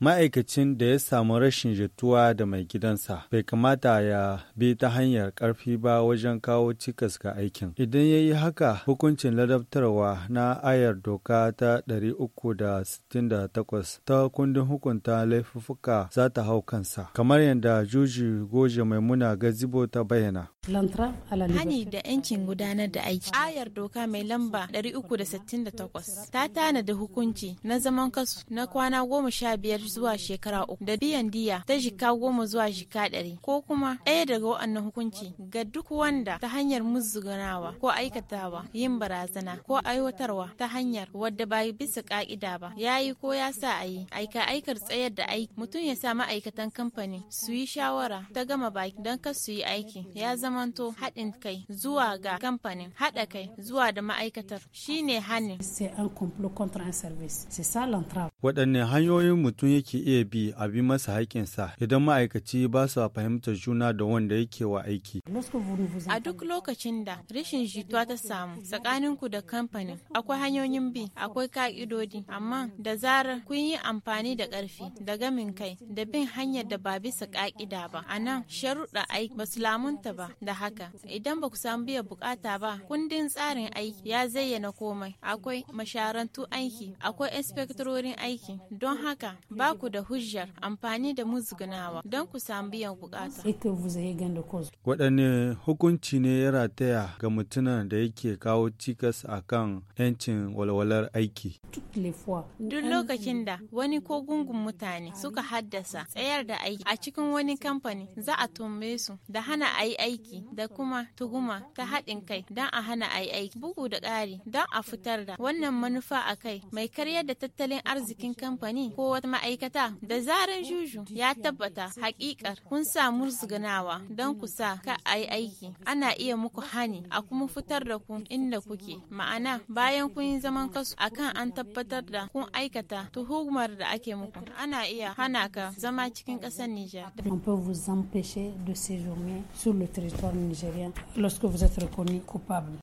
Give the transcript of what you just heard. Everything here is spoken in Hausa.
Ma'aikacin da ya samu rashin jituwa da mai gidansa bai kamata ya bi ta hanyar ƙarfi ba wajen kawo cikas ga aikin. Idan ya yi haka hukuncin ladabtarwa na ayar doka ta 368 ta kundin hukunta laifuffuka za ta hau kansa, kamar yadda Juji Goje Maimuna Gazibo ta bayyana. Hani da 'yancin gudanar da aiki. Ayar doka mai lamba 368 ta tanadi hukunci na zaman kasu na kwana goma sha biyar zuwa shekara uku da biyan diya ta jika goma zuwa jika ɗari ko kuma ɗaya daga waɗannan hukunci ga duk wanda ta hanyar muzuganawa ko aikatawa yin barazana ko aiwatarwa ta hanyar wadda ba bisa ka'ida ba ya yi ko ya sa a yi aika aikar tsayar da aiki mutum ya sa ma'aikatan kamfani su yi shawara ta gama baki don kar su yi aiki ya zamanto haɗin kai zuwa ga kamfanin haɗa kai zuwa da ma'aikatar shine hanin. Waɗanne hanyoyin mutum yake iya bi a bi masa haƙƙinsa idan ma'aikaci ba su fahimtar juna da wanda yake wa aiki. A duk lokacin da rashin jituwa ta samu tsakaninku da kamfanin akwai hanyoyin bi akwai ka'idodi amma da zarar kun yi amfani da ƙarfi da gamin kai da bin hanyar da ba bisa ƙa'ida ba a nan sharuɗa aiki ba su lamunta ba da haka idan ba ku samu biyan bukata ba kundin tsarin aiki ya zayyana komai akwai masharantu aiki akwai inspektorin aiki don haka ba ba ku da hujjar amfani da musgunawa don ku samu biyan bukata. Waɗanne hukunci ne ya rataya ga mutumin da yake kawo cikas a kan 'yancin walwalar aiki? Duk lokacin da wani ko gungun mutane suka haddasa tsayar da aiki a cikin wani kamfani za a tumbe su da hana a yi aiki da kuma tuguma ta haɗin kai don a hana a yi aiki bugu da ƙari don a fitar da wannan manufa a kai mai karyar da tattalin arzikin kamfani ko wata ma'aikata ma'aikata da zaran juju ya tabbata hakikar kun samu zuganawa don ku sa ka a yi aiki ana iya muku hani a kuma fitar da ku inda kuke ma'ana bayan kun yi zaman kasu akan an tabbatar da kun aikata tuhumar da ake muku ana iya hana ka zama cikin ƙasar Nijar. On peut